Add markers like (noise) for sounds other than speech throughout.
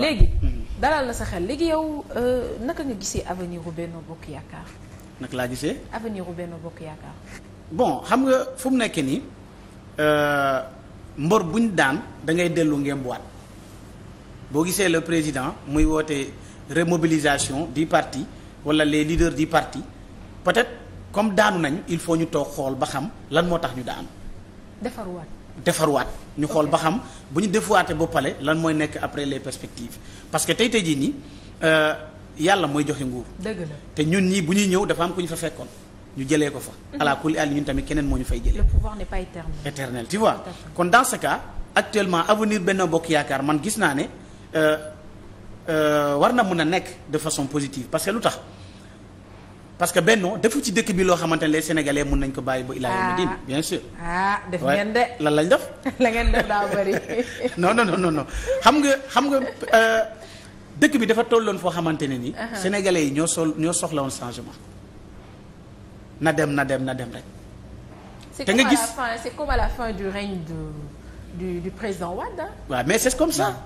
léegi mm-hmm. dalal na sa xel léegi yow euh, naka nga gisee avenir u Benno Bokk Yaakaar naka laa gisee avenir u Benno Bokk Yaakaar bon xam nga fu mu nekk nii euh, mbor buñ daan da ngay dellu ngembuwaat boo gisee le président muy woote remobilisation di parti wala les leaders di parti peut-être comme daanu nañ il faut ñu toog xool ba xam lan moo tax ñu daanu defaruwaat defarwaat ñu xool ba xam bu ñu defuwaatee ba pale lan mooy nekk après les perspectives parce que tey tey jii nii euh, yàlla mooy joxe nguur. dëgg te ñun nii bu ñuy ñëw dafa am ku ñu fa fekkoon ñu jëlee ko fa. Mhm. ala kulli àll ñun tamit keneen moo ñu fay jëlee. le pouvoir n'est pas éternel. éternel tu vois kon dans ce cas actuellement avenir benn Bokk Yaakaar man gis naa ne euh, euh, war na mën a nekk de façon positive parce que lu tax. parce que Benno defu ci dëkk bi loo xamante ne les sénégalais mun nañ ko bàyyi ba. ilaa yawmi ah. bien sûr. ah def ngeen de lan lañ def. (laughs) la ngeen def daa bëri. (laughs) non non non non xam nga xam nga euh, dëkk bi dafa tolloon foo xamante ne ni. Uh-huh. sénégalais yi ñoo sol ñoo soxla woon changement. na dem na dem na dem rek. te nga gis c'est comme à la fin du règne du comme ça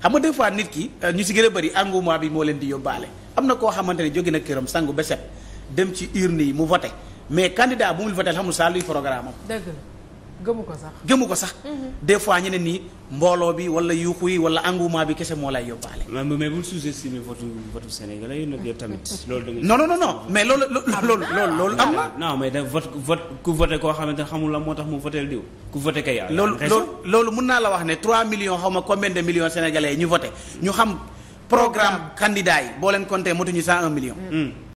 xam nga des fois nit ki euh, ñu si gën a bëri engouement bi moo leen di yóbbaale am na koo xamante ne jóge na këram sangu ba set dem ci urne yi mu voté mais candidat bu muy voté alhamdulilah luy programme am. ko sax. gëmu ko sax. Mhm. des fois ñu ne nii mbooloo bi wala yuuxu yi wala engouement bi kese moo lay yóbbaale. mais bul sous tamit. loolu non mais loolu ah. loolu loolu loolu am na. koo xamante xamul la moo tax mu voté diw. loolu mun naa la wax ne 3 millions xaw ma combien de millions sénégalais yi ñu voté ñu xam. programme candidat yi boo leen compté motuñu 101 millions. Hmm.